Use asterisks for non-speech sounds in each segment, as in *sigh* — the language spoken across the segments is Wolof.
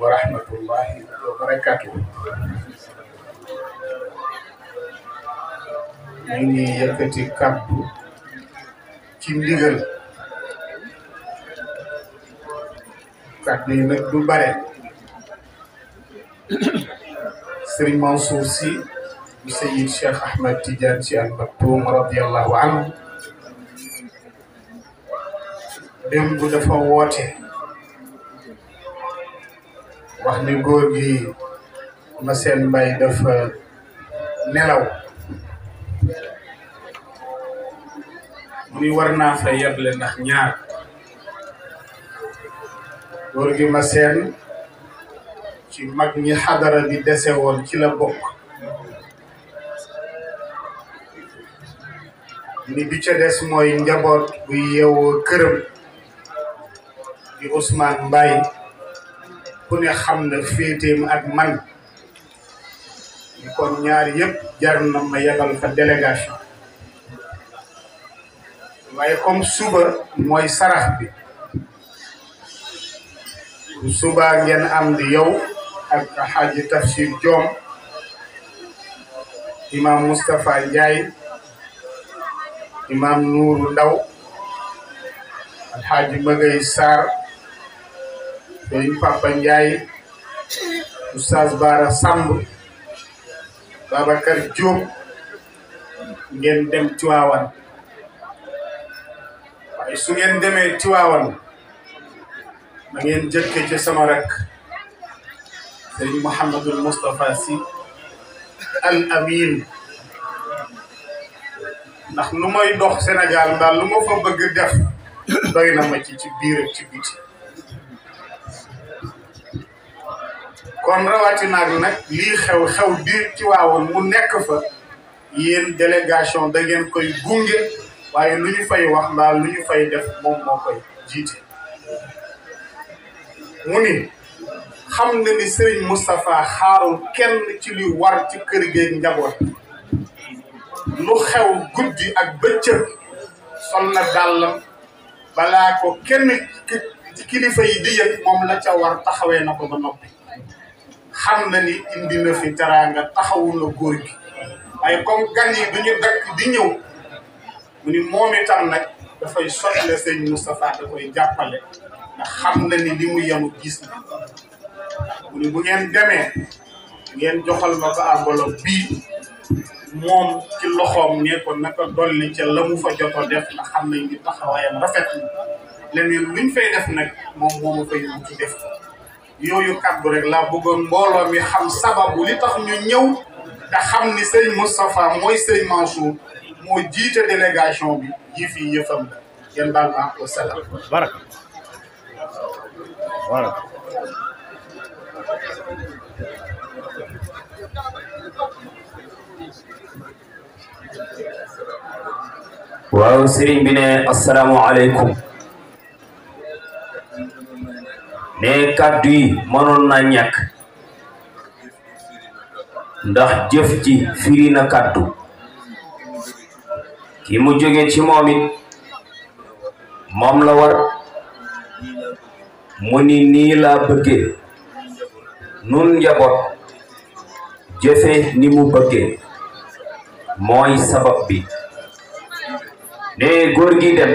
wa rahmatullahi wa barakatuh ñu ngi yëkkati kàddu ci ndigal kàddu yi nag du bare Serigne Mansour Sy bu Seyid Cheikh Ahmed Tidiane Sy Al Maktoum radiallahu anhu démb wax ni góor gi Massène Mbaye dafa nelaw ni war naa fa yeble ñaar góor gi Massène ci mag ñi xadara bi dese woon ci la bokk ni bi ca des mooy njaboot bu yeewoo këram di Ousmane Mbaye ku ne xam na féeteem ak man ni kon ñaar yëpp jar ma yebal fa délégation waaye comme suba mooy sarax bi bu subaa ngeen am di yow ak xaaji tafsir joom imam Moustapha Ndiaye imam Nuuru Ndaw alxaaji Mëgay Sarr Serigne Papa Ndiaye Oustaz Bara Samb Babacar Diop ngeen dem Tiwaawan waaye su ngeen demee Tiwaawan na ngeen jëkke ci sama rakk Serigne Mouhamadul Moustapha si al amin ndax lu moy dox Sénégal daal lu ma fa bëgg def doy na ma ci ci biir ak ci biti kon rawatina nag lii xew xew biir ci waawoon mu nekk fa yéen délégation da ngeen koy gunge waaye lu ñu fay wax mbaa lu ñu fay def moom moo koy jiite. mu ni xam na ni Serigne Moustapha xaarul kenn ci li war ci kër geeg njaboot lu xew guddi ak bëccëg sol na dàllam balaa ko kenn ki kilifa yi di yëg moom la ca war taxawee na ko ba noppi. xam na ni indi na fi teraanga taxawu na góor gi waaye comme gan yi du ñu dakk di ñëw mu ni moom itam nag dafay sotle sëñ Moustapha da koy jàppale ndax xam na ni li mu yemu gis na mu bu ngeen demee ngeen joxal ma ko enveloppe bii moom ci loxoom ne ko naka dolli ca la mu fa joto def ndax xam nañ ni taxawaayam rafet na leneen luñ fay def nag moom moomu fay mu def yooyu kàddu rek laa bëggoon mbooloo mi xam sababu li tax ñu ñëw te xam ni sëñ Moustapha mooy sëñ Mansour moo jiite délégation bi fi yëfam yéen baal ma wa salaam. baraka baraka. waaw sëriñ bi ne asalaamaaleykum. mais kàddu yi mënoon na ñàkk ndax jëf ji firi na kàddu ki mu jóge ci moom it moom la war mu ni nii laa bëgge nun njaboot jëfe ni mu bëgge mooy sabab bi ne góor gi dem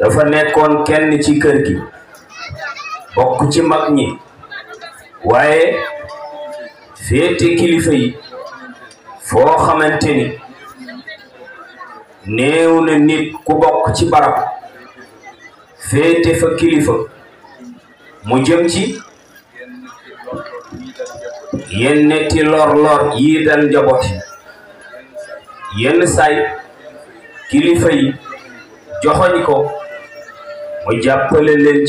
dafa nekkoon kenn ci kër gi bokk ci mag ñi waaye féete kilifa yi foo xamante ni néew nit ku bokk ci barab féete fa kilifa mu jëm ci yenneti lor-lor yi dal njaboot yenn saay kilifa yi joxoñ ko mu jàppale leen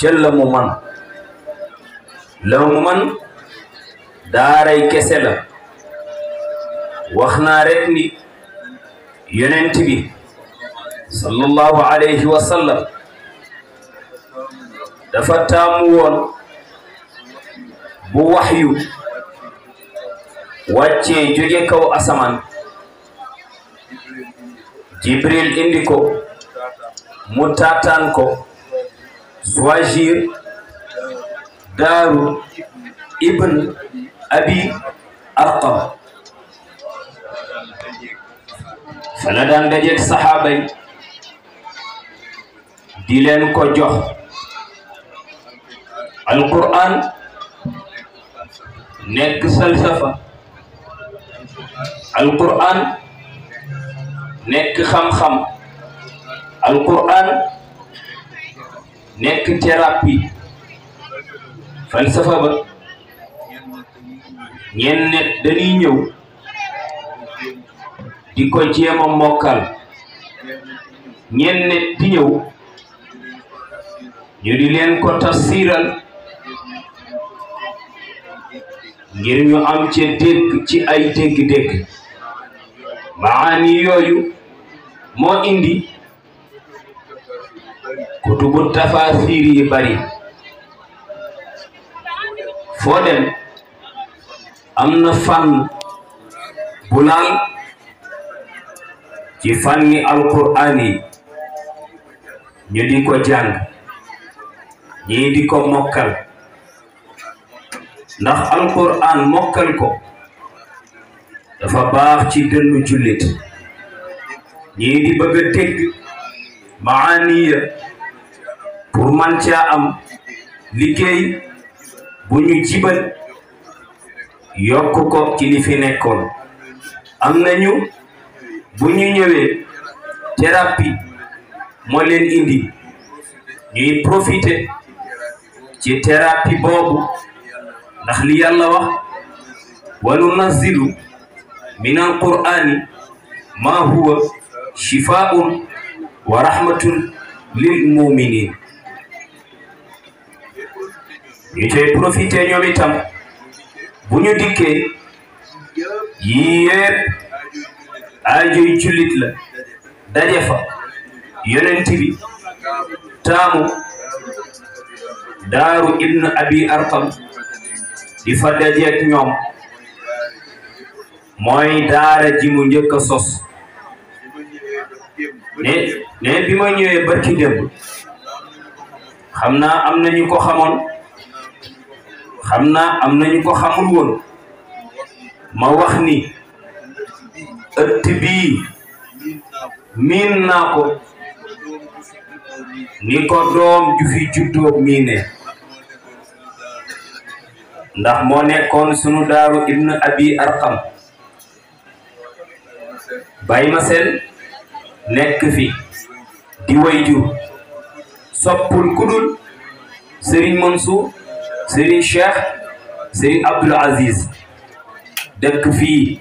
ca mu man la mu man daaray kese la wax naa rek ni yonent bi sallallahu alayhi wa sallam dafa taamu woon bu waxyu wàccee jóge kaw asamaan jibril indi ko mu taataan ko Swajir Daaru Ibn Abi Arqam fa la daan dajeeg saxaaba yi ko jox Alqur'an nekk falsafa Alqur'an nekk xam-xam. alquran nekk thérapie falsafa ba ñenn net dañuy ñëw di ko jéem a mokkal ñenn net di ñëw ñu di leen ko tafsiral ngir ñu am ci dégg ci ay dégg-dégg maani yooyu moo indi kutubu tafasir yi bari foo am na fànn bu naan ci fan alqur'aan yi ñu di ko jàng ñii di ko mokkal ndax alqur'aan mokkal ko dafa baax ci dënnu jullit ñii di bëgg a teg maaniya pour man caa am liggéey bu ñu jibal ko ci li fi nekkoon am nañu bu ñu ñëwee thérapie moo leen indi ñuy profiter ci thérapie boobu ndax li yàlla wax wa nunazzilu min alqur'ani ma huwa shifaa'un wa rahmatun lil mu'minin ñu cay profité ñoom bu ñu dikkee yii yëpp aajoy jullit la daje fa yonent taamu daaru ibn abi arqam di fa dajeek ñoom mooy daara ji mu njëkk sos ne ne bi ma ñëwee barki xam naa am nañu ko xamoon xam naa am nañu ko xamul woon ma wax ni ëtt bii miin naa ko ni ko miine ndax moo nekkoon sunu daaru ibnu abi arqam bay ma nekk fi di way jur soppul kudul Serigne Mansour Serigne Cheikh Serigne Abdoul Aziz dëkk fii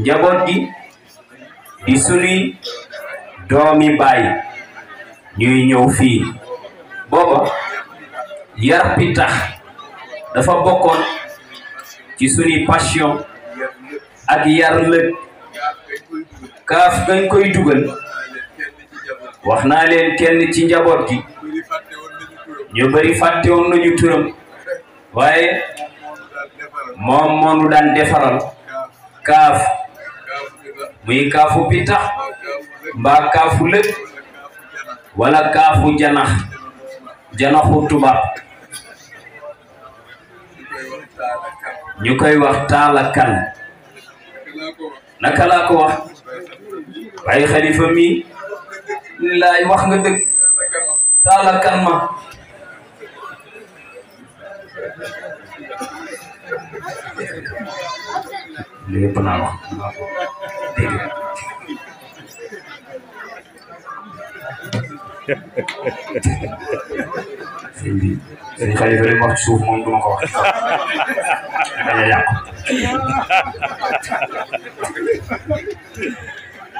njaboot gi di sunuy doomi baay ñuy ñëw fii booba yar bi dafa bokkoon ci sunuy passion ak yar lëg kaaf dañ koy dugal wax naa leen kenn ci njaboot gi ñu bëri fàtte woon nañu turam waaye moom moonu daan defaral kaaf muy kaafu pitax mbaa kaafu lëg wala kaafu janax janaxu tubaab ñu koy wax taala naka laa ko wax waaye billaay wax nga dëgg kan ma *laughs*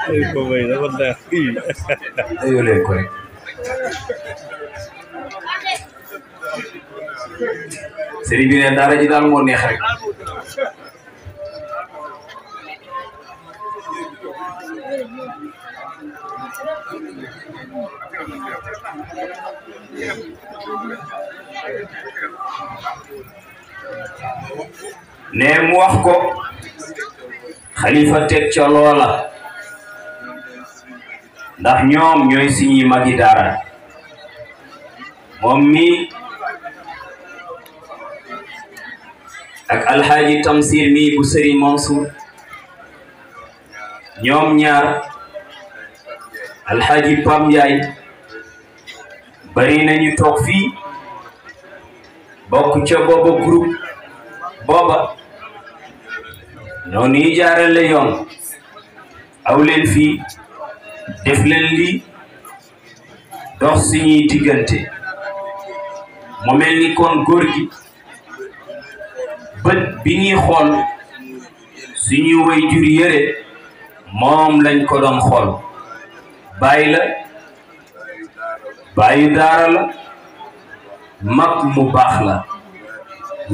ko may na wala ayo leen ko ne daara ne mu wax ko xalifa teg ca loola ndax ñoom ñooy suñuy magi daara moom mi ak alxaaji tamsir mi bu sëriñ Mansour ñoom ñaar alxaaji Pam Njaay bari ñu toog fii bokk ca booba groupe booba noonu yi jaarale yoon aw leen fii def leen lii dox suñuy diggante mu mel ni kon góor gi bët bi ñuy xool suñuy way jur yëre moom lañ ko doon xool bàyyi la bàyyi daara la mag mu baax la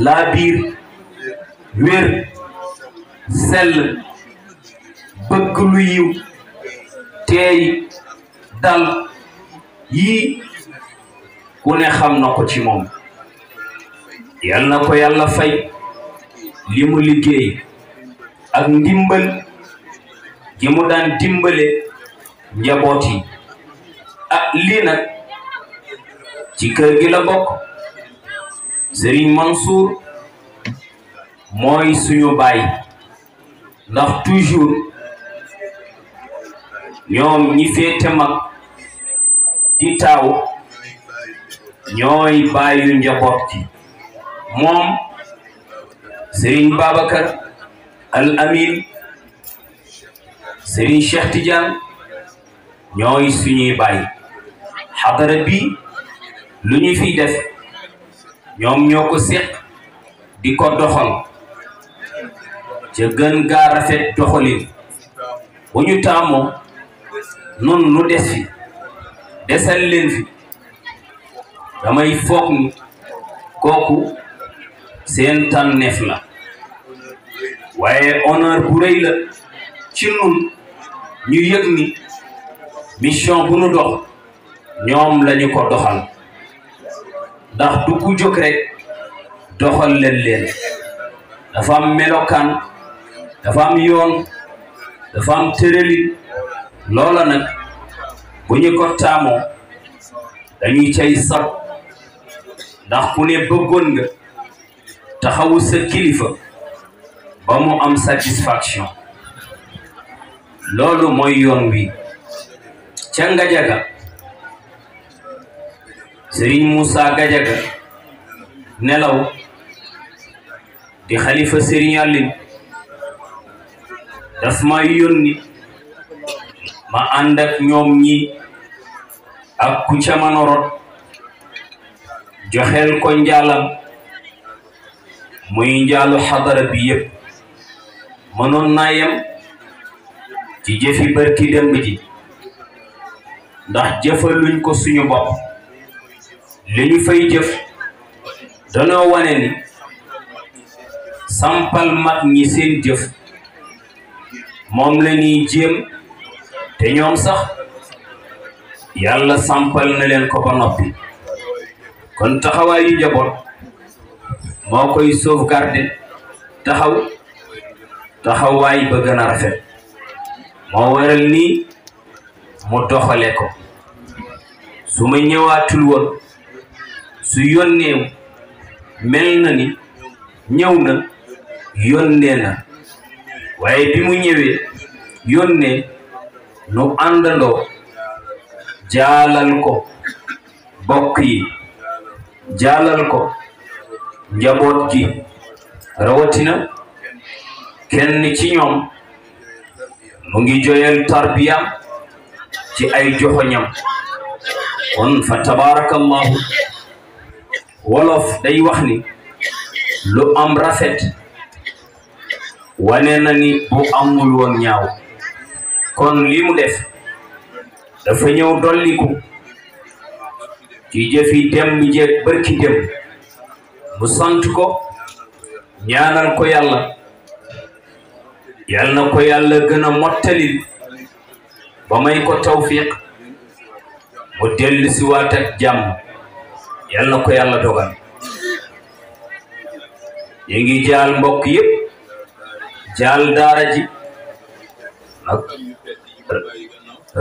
laa biir wér sell bëgg lu yiw teey dal yii ku ne xam na ko ci moom yal na ko yàlla fay li mu liggéey ak ndimbal gi mu daan dimbale njaboot yi ah lii ci kër gi la bokk Serigne Mansour mooy suñu baay ndax ñoom ñi féete mag di taaw ñooy bàyyu njaboot gi moom Serigne Babacar Al Amin Serigne Cheikh Tidiane ñooy suñuy bàyyi xadara bi lu ñu fi def ñoom ñoo ko séq di ko doxal ca gën gaa rafet doxalin bu ñu taamoo nun nu des fi desal fi damay foog ni kooku seen tànneef la waaye honneur bu rëy la ci nun ñu yëg ni mission bu nu dox ñoom lañu ko doxal ndax du ku jóg rek doxal leen leen dafa am melokaan dafa yoon dafa tërëlin loola nag bu ñu ko taamoo dañuy cay saw ndax ku ne bëggoon nga taxawu sa kilifa ba mu am satisfaction loolu mooy yoon wi ca Ngajaga Sëriñ Moussa Gajaga nelaw di xalifa Sëriñ Aline daf yónni ma ànd ak ñoom ñi ak ku ca mën joxel ko njaalam muy njaalu xadara bi yëpp mënoon naa yem ci jëfi barki démb ji ndax jëfaluñ ko suñu bopp li ñu fay jëf danoo wane ni sampal mag ñi seen jëf moom la ñuy jéem te ñoom sax yàlla sampal na leen ko ba noppi kon taxawaayu njaboot moo koy sauvegarder taxaw taxawaay ba gën a rafet moo waral nii mu doxale ko su ma ñëwaatul woon su yónnee mel na ni ñëw na yónnee na waaye bi mu ñëwee yónnee nu àndandoo jaalal ko bokk yi jaalal ko njaboot gi rawatina kenn ci ñoom mu ngi joyal tarbiyam ci ay joxoñam kon fa tabarakallahu wolof day wax ni lu am rafet wane na ni bu amul ñaaw kon li mu def dafa ñëw dolliku ci jëfi dem bi jeeg barki dem mu sant ko ñaanal ko yàlla yàlla na ko yàlla gën a mottali ba may ko tawfiq mu dellu si waat ak jàmm yàlla na ko yàlla dogal ñu ngi jaal mbokk yëpp jaal daara ji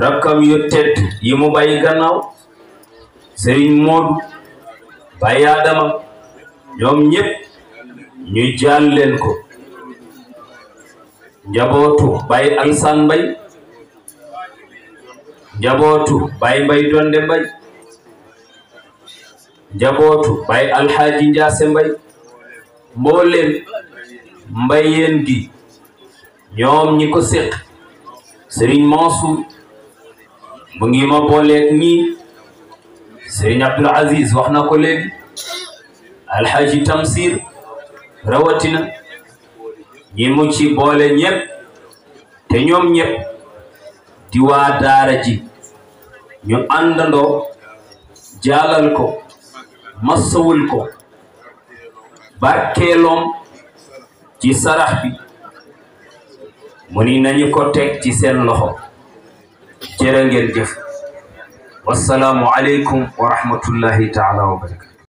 rakkam yu tedd yi mu bàyyi gannaaw sëriñ Moodu bàyyi Adama ñoom ñëpp ñu jaal leen ko njabootu bàyyi Alsan Mbay njabootu bàyyi Mbay Donde Mbay njabootu bàyyi Alxaaji Njaase Mbay mbooleem mbayeen gi ñoom ñi ko séq sëriñ Mansour mu ngi ma booleeg ñi sëriñ Abdul Aziz wax na ko léegi alxaaji Tamsir rawatina ñi mu ci boole ñëpp te ñoom ñëpp di ji ñu àndandoo jaalal ko massawul ko barkeeloom ci sarax bi mu ni nañu ko teg ci seen loxo jërë ngeen jëf wasalaamu aleykum wa rahmatullahi taala wa barakatu